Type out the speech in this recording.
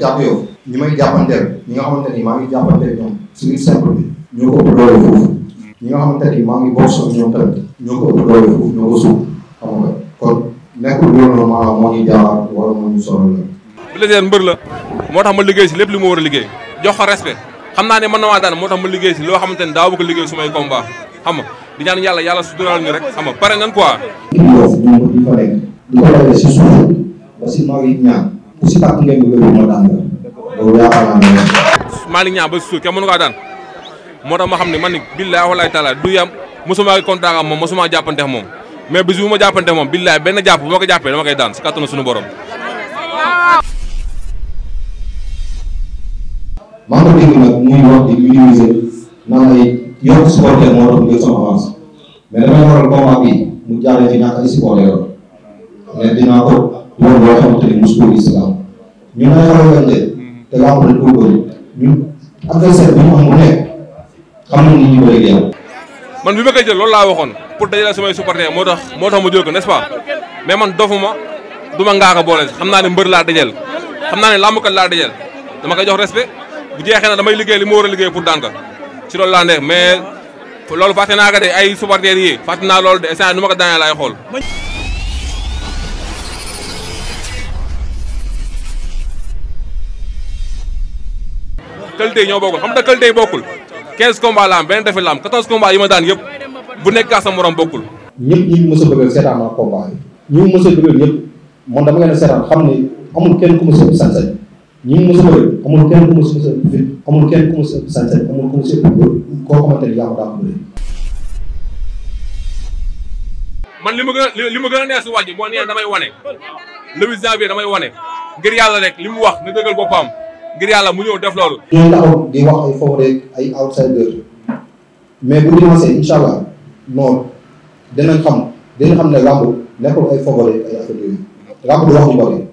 Caato Yoff ñi may jàppanteel ñi nga xamante ni maa ngi jàppanteel ñoom si simple bi ni maa ngi bokk soog ñoom tamit ñoo ko ëpp doole foofu ñoo ko suuf xam nga kon nekkul loolu moo ñuy jaaxal wala moo ñu solo la. bi la seen mbër la moo tax ma liggéey si lépp li ma war a liggéey jox ko respect xam naa ne mën na maa daan moo tax ma liggéey si loo xamante ni daawu ko liggéey su may combat xam nga di ñaan yàlla yàlla suturaal ñu rek xam nga pare nan quoi. di ko ñu ngi musiba ak ngeen bëgg moo daan loolu yaakaar naa ne. Malick ba suuf kenn mënu ko daan moo tax ma xam ne man ni billaay walaay taala du yam mosuma kontaan ak moom mosuma jàppante ak moom mais bis bu ma jàppante moom billaay benn jàpp bu ma ko jàppee dama si kattanu suñu borom. maa ngi dégg nag muy wax di minimiser naan ay yokk supporter moo tax mu jël sama avance bi mu ko. loolu loo xamante ni mosu ko gis si làmb ñun ay xale lañ de te làmb dañ ko bëri ñun adversaire bi ñu am bu nekk xam nañ ni ñu bëri laa waxoon pour dajale samay supporters moo tax moo tax ma jóg n'est-ce mais man dofuma du ma ngaaka boole xam naa ne mbër laa dajal xam naa ne làmbkat laa dajal dama koy jox respect bu jeexee na damay liggéey li ma war a liggéey pour daan ko ci loolu laa nekk mais loolu fàtte naa ko ay supporters yi fàtte naa loolu de instant ma ko daanee laay xool. qualité yi ñoo bokkul xam nga qualité yi bokkul 15 combats la am benn défaite la am 14 yi ma daan yëpp bu nekk kaa sa morom bokkul. ñëpp ñi mos a bëgg seetaan naa combat yi ñi mos a bëgg ñëpp man dama leen a seetaan xam ne amul kenn ku ma sëb sañ-sañ a man li ma gën a li ma gën neex si wàcc moo nee damay wane le 8 janvier damay wone ngir yàlla rek li mu wax na dëggal boppam. ngir yàlla mu ñëw def loolu. ñooñu taxaw di wax ay foofu rek ay outsider mais bu ñu incha allah noonu dinañ xam dinañ xam ne làmb nekkul ay foofu rek ay affaire yooyu làmb du waxu mbër